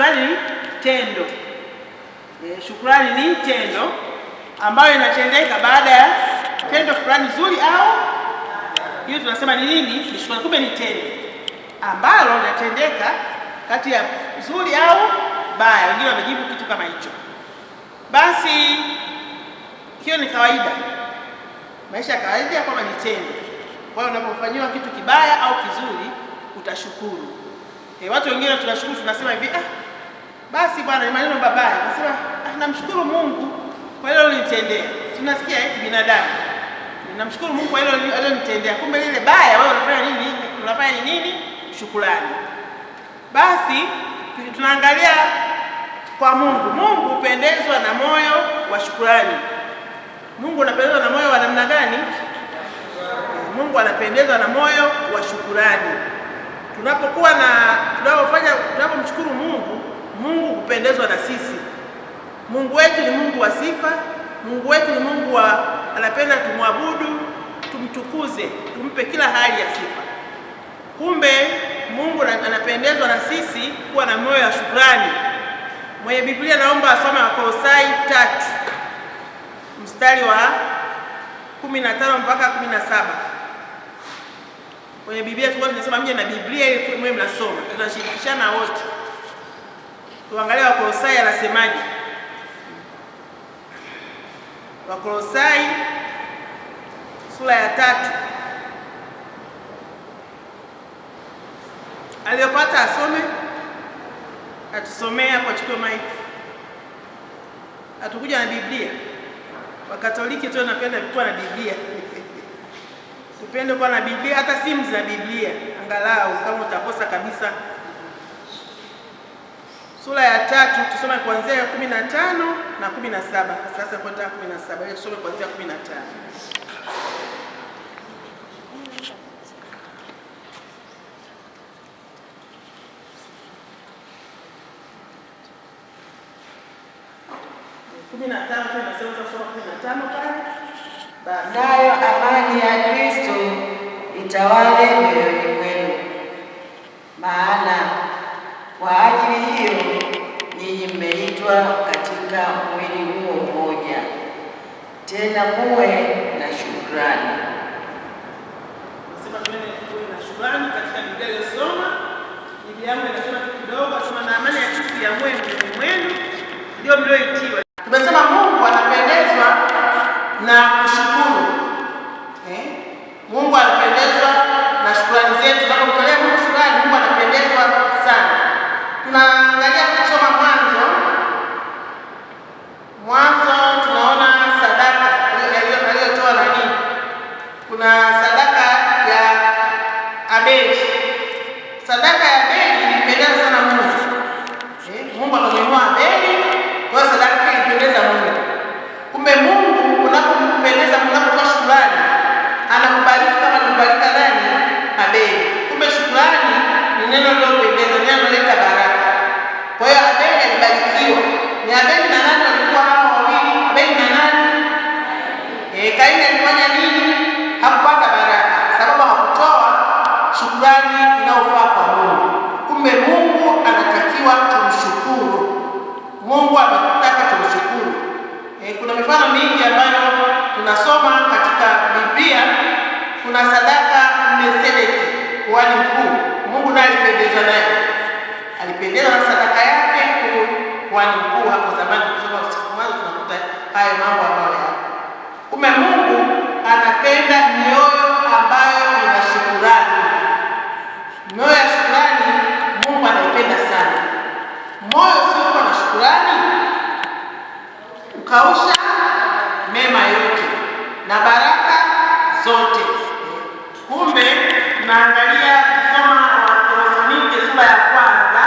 shukrani ni tendo e, shukrani ni tendo ambayo inatendeka baada ya tendo fulani zuri au hiyo tunasema ni nini? Ni shukrani. Kumbe ni tendo ambalo linatendeka kati ya zuri au baya. Wengine wamejibu kitu kama hicho. Basi hiyo ni kawaida, maisha ya kawaida kwamba ni tendo. Kwa hiyo unapofanyiwa kitu kibaya au kizuri utashukuru. E, watu wengine tunashukuru, tunasema hivi ah basi bwana, ni maneno babaya. Nasema ah, namshukuru Mungu kwa hilo alilonitendea. Tunasikia eti binadamu, namshukuru Mungu kwa hilo alilonitendea, kumbe lile baya wewe unafanya nini? Unafanya nini? Shukrani. Basi tunaangalia kwa Mungu. Mungu hupendezwa na moyo wa shukrani. Mungu anapendezwa na moyo wa namna gani? Mungu anapendezwa na moyo wa shukrani. Tunapokuwa na tunapofanya tunapomshukuru Mungu Mungu kupendezwa na sisi. Mungu wetu ni Mungu wa sifa, Mungu wetu ni Mungu wa anapenda tumwabudu, tumtukuze, tumpe kila hali ya sifa. Kumbe Mungu anapendezwa na sisi kuwa na moyo wa shukrani. Mwenye Biblia naomba asome Wakolosai tatu mstari wa 15 mpaka 17. Kwenye Biblia tunasema mje na Biblia ili mwe mnasoma, tunashirikishana wote. Tuangalie Wakolosai anasemaje. Wakolosai sura ya tatu aliyopata asome, atusomea kwa chukua maiki, atukuja na Biblia. Wakatoliki tu napenda kuwa na Biblia tupende kuwa na Biblia, hata simu zina Biblia angalau, kama utakosa kabisa sura ya tatu tusome kuanzia ya 15 na 17. Sasa kwenda 17, hiyo tusome kuanzia 15. Nayo amani ya Kristo itawale mioyoni mwenu, maana kwa mmeitwa katika mwili huo mmoja. Tena muwe na shukrani. shukrani katika Biblia kidogo, ya mwenu mlioitiwa. Tumesema Mungu anapendezwa na kushukuru eh? Mungu Eh, kuna mifano mingi ambayo tunasoma katika Biblia. Kuna sadaka Melkizedeki, kuhani mkuu. Mungu naye alipendezwa naye, alipendezwa na sadaka yake kuhani mkuu. Hapo zamani kusoma siku mwanzo tunakuta hayo mambo ambayo yapo. Kumbe Mungu anapenda mioyo ambayo ina mioyo ya shukrani. Mungu anaipenda sana moyo usio na shukrani kausha mema yote na baraka zote. Kumbe tunaangalia kusoma Wathesalonike sura ya kwanza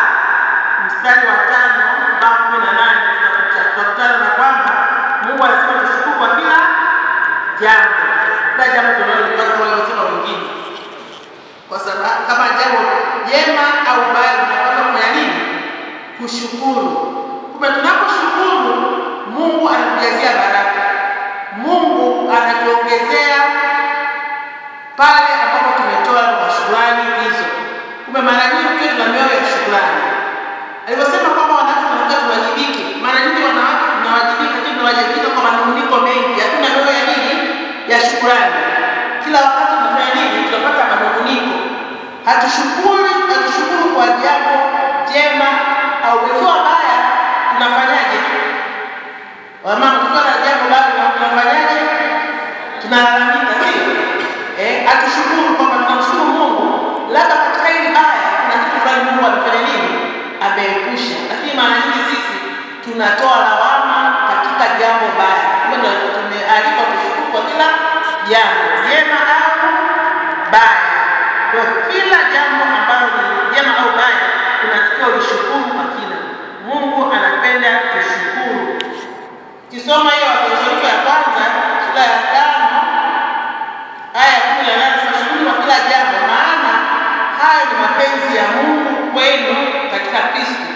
mstari wa tano mpaka kumi na nane tunakutana na kwamba Mungu alisema tushukuru kwa kila jambo, kila jambo tunalosema wengine, kwa sababu kama jambo jema au baya tunapata kufanya nini? Kushukuru. kumbe tuna kuongezea baraka, Mungu anatuongezea pale ambapo tumetoa kwa shukrani hizo. Kumbe mara nyingi tukiwa tuna mioyo ya shukrani, alivyosema kwamba wanawake tunataka tuwajibike. Mara nyingi wanawake tunawajibika, tunawajibika kwa manung'uniko mengi, hatuna mioyo ya nini, ya shukrani. Kila wakati tunafanya nini, tunapata manung'uniko, hatushukuru, hatushukuru kwa jambo jema au ikiwa baya tunafanyaje? Tukiona jambo bado tunafanyaje? Tunalalamika, sio? Eh, atushukuru kwamba tunamshukuru Mungu, labda katika hili aya kuna kitu fulani Mungu amefanya nini, ameepusha. Lakini mara nyingi sisi tunatoa lawama katika jambo baya. Tumealikwa kushukuru kwa kila jambo jema au baya, kwa kila jambo Ukisoma hiyo Wathesalonike ya kwanza sura ya tano aya ya kumi na nane tunashughuli kwa kila jambo, maana hayo ni mapenzi ya Mungu kwenu katika Kristo.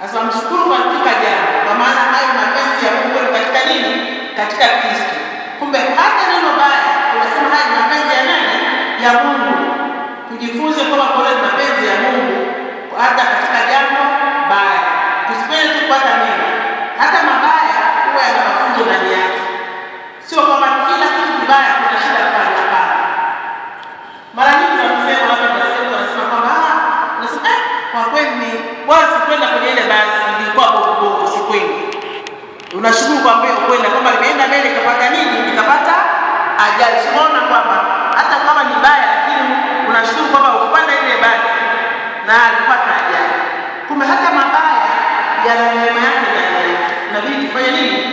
Sasa mshukuru kwa kila jambo, kwa maana hayo ni mapenzi ya Mungu kwenu katika nini? Katika Kristo. Kumbe hata neno baya tunasema haya ni mapenzi ya nani? Ya Mungu. Tujifunze kwamba kwa ni mapenzi ya Mungu hata katika jambo baya, tusipende tu kupata mema hata mabaya yeye nikapata nini? Nikapata ajali. Simuona kwamba hata kama ni baya, lakini unashukuru kwamba ukupanda ile basi na alipata ajali. Kumbe hata mabaya yana neema yake ndani na vile tufanye nini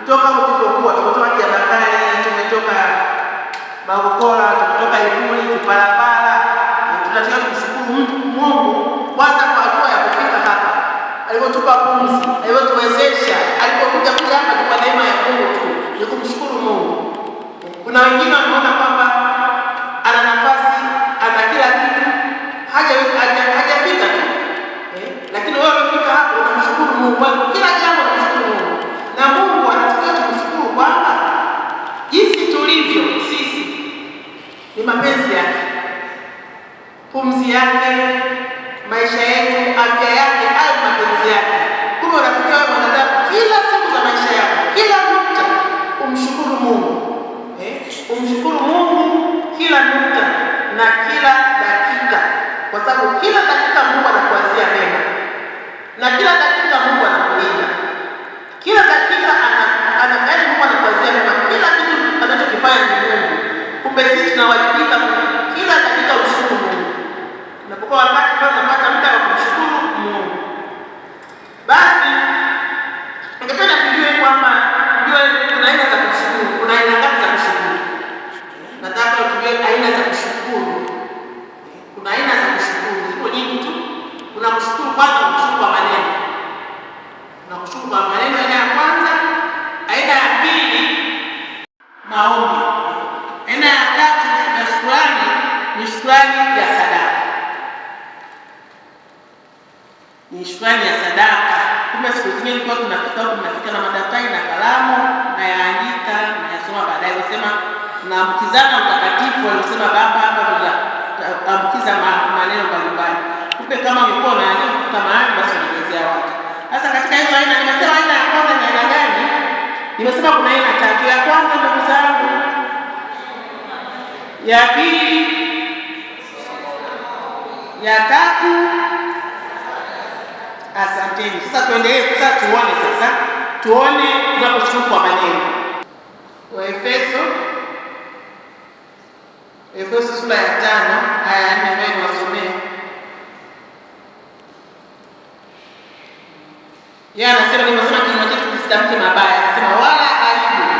kutoka tulipokuwa, tumetoka Kiabakari, tumetoka Magokola, tumetoka Ikuli, Kipalapala. Tunatakiwa kumshukuru Mungu kwanza kwa hatua ya kufika hapa, alivyotupa pumzi, alivyotuwezesha, alipokuja kuja kwa neema ya Mungu tu, ni kumshukuru Mungu. Kuna wengine wameona kwamba ana nafasi, ana kila kitu, hajafika tu, eh, lakini wewe unafika hapo unamshukuru Mungu kila jambo mapenzi yake, pumzi yake, maisha yetu, afya yake au mapenzi yake. Kumbe unakuta wewe mwanadamu, kila siku za maisha yako, kila nukta umshukuru Mungu eh? umshukuru Mungu kila nukta na kila dakika, kwa sababu kila dakika Mungu anakuanzia mema na kila dakika Mungu anakulinda kila dakika ana, ana, Mungu anakuanzia mema, kila kitu anachokifanya ni Mungu. Kumbe sisi tuna basi ningependa tujue kwamba tujue kuna aina za ni shukrani ya sadaka. Kumbe siku zingine ilikuwa tunafika huko tunafika na madaftari na kalamu na yaandika nasoma baadaye kusema naambukizana utakatifu, alisema baba hapa tunaambukiza maneno mbalimbali. Kumbe kama ulikuwa unaandika kutoka mahali basi unaelezea watu. Sasa katika hizo aina nimesema aina ya kwanza ni aina gani? Nimesema kuna aina tatu. Ya kwanza ndugu zangu, ya pili, ya tatu Asanteni. Sasa tuendelee sasa, tuone sasa, tuone tunaposhukuru kwa maneno. Waefeso, Efeso sura ya tano aya ya nne ambayo niwasomee. Yeye anasema nimesema kinywa chetu kisitamke mabaya, anasema wala aibu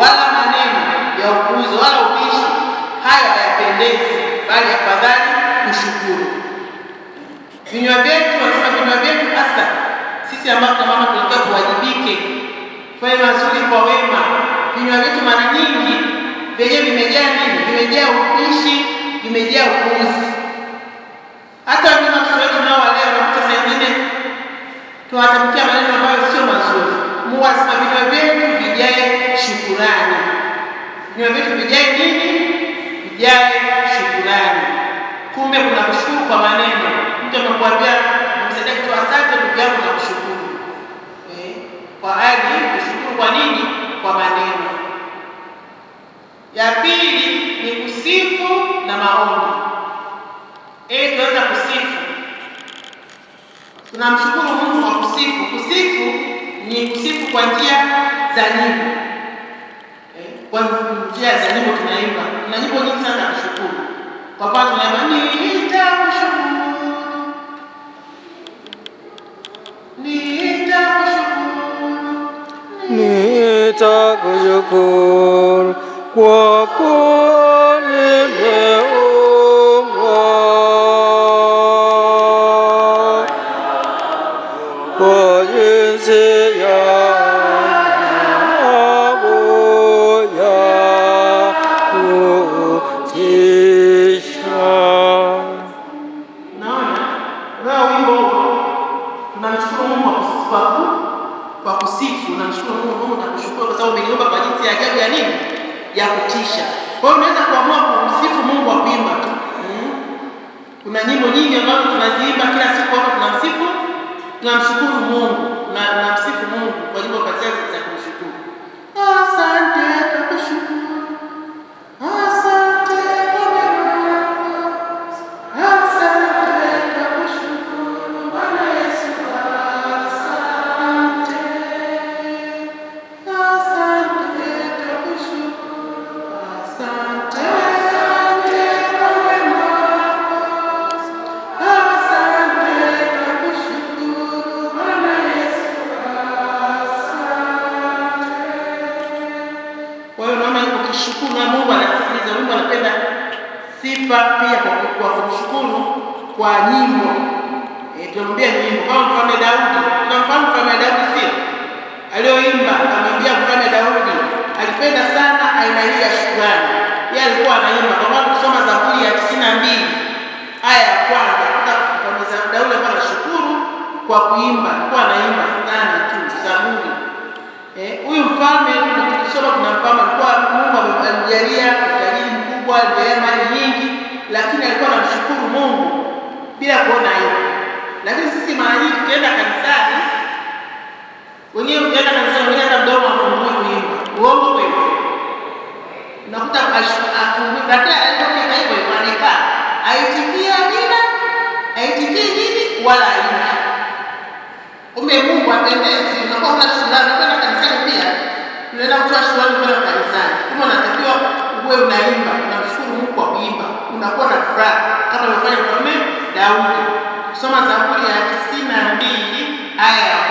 wala maneno ya upuuzi wala ubishi, haya hayapendezi, bali afadhali kushukuru. Vinywa vyetu sisi ambao kama mama tunataka tuwajibike, tufanye mazuri kwa wema. Vinywa vyetu mara nyingi vyenyewe vimejaa nini? Vimejaa upishi, vimejaa upuzi. Hata wengine watoto wetu nao waleo nakuta saa ingine tunawatamkia maneno ambayo sio mazuri. Mungu anasema vinywa vyetu vijae shukurani, vinywa vyetu vijae nini? Vijae shukurani. Kumbe kuna kushukuru kwa maneno, mtu amekuambia msaidie kutoa asante ndugu yangu na kushukuru kwa ajili kushukuru. Kwa nini? Kwa maneno. Ya pili ni kusifu na maombi. Ili tuweza kusifu, tunamshukuru Mungu kwa kusifu. Kusifu ni kusifu kwa njia za nyimbo eh, kwa njia za nyimbo tunaimba. na nyimbo nyingi sana za kushukuru, kwa mfano tunaimba 구주군 quốc Now we go. Now it's from Moscow. kumsifu na Mungu, Mungu na kwa sababu umeniumba kwa jinsi ya ajabu ya nini ya kutisha. Kwa hiyo unaweza kuamua kumsifu Mungu wa kuimba tu. Hmm? Kuna nyimbo nyingi ambazo tunaziimba kila siku hapo, tunamsifu tunamshukuru Mungu na tunamsifu Mungu kwa nyimbo kazi za kumshukuru. Asante, tukushukuru Kwa hiyo naona ukishukuru na Mungu anasikiliza. Mungu anapenda sifa pia kwa kwa kumshukuru kwa nyimbo. Eh, tunaambia nyimbo kama mfalme Daudi, tunamfahamu mfalme Daudi si aliyoimba, amwambia mfalme Daudi alipenda sana aina hii ya shukrani. Yeye alikuwa anaimba kwa sababu kusoma Zaburi ya 92 aya ya kwanza kutoka kwa Daudi alikuwa anashukuru kwa kuimba, alikuwa anaimba ndani tu Zaburi. Eh, huyu mfalme tunasoma kuna mfalme anamjalia utajiri mkubwa, neema nyingi, lakini alikuwa anamshukuru Mungu bila kuona aibu. Lakini sisi mara nyingi tukienda kanisani, wengine ukienda kanisani, wengine hata mdomo afungui kuimba. Uongo kweli? Unakuta afungui baadaye, alipofika hivyo hivyo amekaa, aitikia nina aitikii nini wala aina. Kumbe Mungu apendezi, unakuwa huna shukrani. Kwenda kanisani pia tunaenda kutoa shukrani kwenda kanisani, na uwe unaimba unamshukuru Mungu kwa kuimba, unakuwa na furaha kama alivyofanya Mfalme Daudi. Soma Zaburi ya tisini na mbili aya